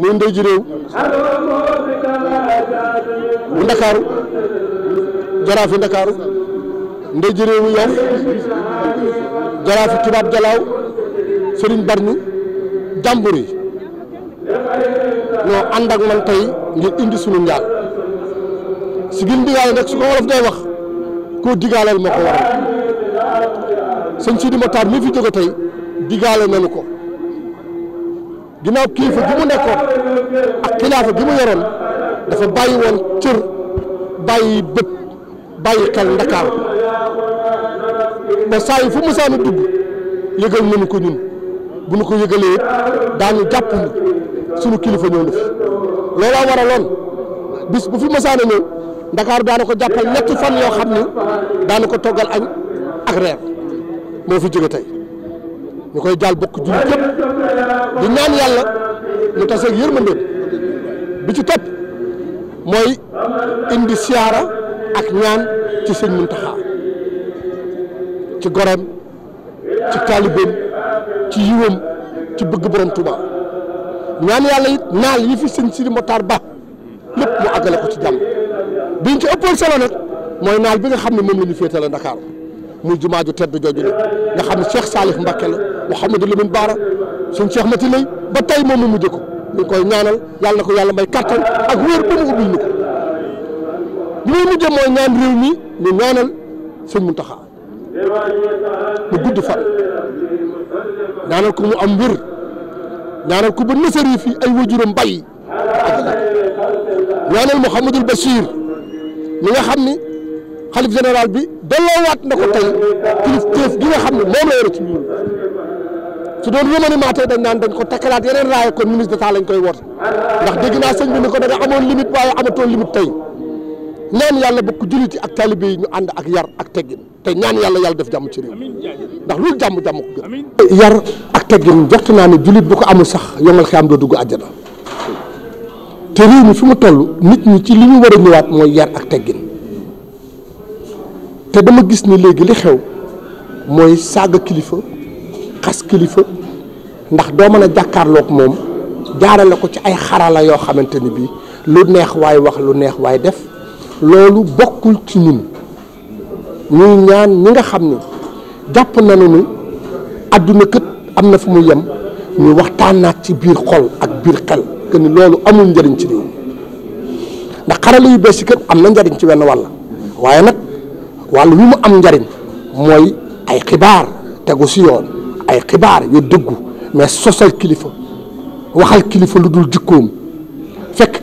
mooy ndey ji réew bu ndakaaru jaraafi ndakaaru yow jaraafi tubaab jalaaw sëriñ barñi jàmbur yi ñoo ànd ak man tey ngir indi sunu njaal si gin digaale nag su ko wolof day wax koo digaaleel moo ko waral sëñ Sidi Motaar mi fi jóge tey digaale nanu ko ginnaaw kilifa bi mu nekkoon ak kilaafa bi yoroon dafa bàyyi woon cër bàyyi bët bàyyi xel ndakaaru ba saa fu musaanu dugg yëgal nañu ko ñun bu ñu ko yëgalee it daañu sunu kilifa ñëw na fi looloo waraloon bis bu fi musaana ñëw ndakaaru daana ko jàppal ñetti fan yoo xam ni daana ko toggal añ ak reer moo fi jóge tey koy jaal bokk jullit yëpp di naan yàlla ñu taseeg yërmande bi ci topp mooy indi siyaara ak ñaan ci sëñ Muntaxa ci goreem ci taalibeem ci yiwam ci bëgg borom Tuuba ñaan yàlla it naal yi fi sëñ Sidi Motaar Ba lépp mu àggale ko ci jàmm biñ ci ëppoon solo mooy naal bi nga xam ne moom la ñu féetale Ndakaar muy jumaa ju tedd jooju la nga xam ne Cheikh Salif Mbacké la Mouhamadou Lamine Bara suñ Cheikh Mati lay ba tay moom mu mujj ko ñu koy ñaanal yàlla na ko yàlla may kàttan ak wér ba mu ubbil ñu ko li muy mujjee mooy ñaan réew mi ñu ñaanal suñ Muntaxa mu gudd fan ñaanal ko mu am wér ñaanal ko ba nësëri fi ay wajuram mbay ñaanal Mouhamadul Bachir ñi nga xam ni xalif général bi delloowaat na ko tey kilif teef gi nga xam ne moom la yore ci su doon remaniement dañ naan dañ ko takkalaat yeneen raaya kon ministre d'état lañ koy woote ndax dégg naa sëñ bi ni ko da nga amoon limite waaye amatoon limite tey ñaan yàlla bokk julliti ak taalibe yi ñu ànd ak yar ak teggin te ñaan yàlla yàlla def jàmm ci réew ndax loolu jàmm jàmm ko gën yar ak teggin jot naa ne jullit bu ko amul sax yomal am doo dugg àjjana te réew mi fi mu toll nit ñi ci li ñu war a ñëwaat mooy yar ak teggin te dama gis ni léegi li xew mooy saaga kilifa xas kilifa ndax doo mën a jàkkaarloog moom jaarale ko ci ay xarala yoo xamante ni bii lu neex waay wax lu neex waay def loolu bokkul ci ñun ñuy ñaan ñi nga xam ni jàpp nañu ni àdduna kët am na fu mu yem ñu waxtaanaat ci biir xol ak biir xel que ni loolu amul njariñ ci réew ndax xarala yu bees yi kët am na njariñ ci wenn walla waaye nag wàll wi mu am njariñ mooy ay xibaar tegu si yoon. ay xibaar yu dëggu mais sosal kilifa waxal kilifa lu dul jikkoom fekk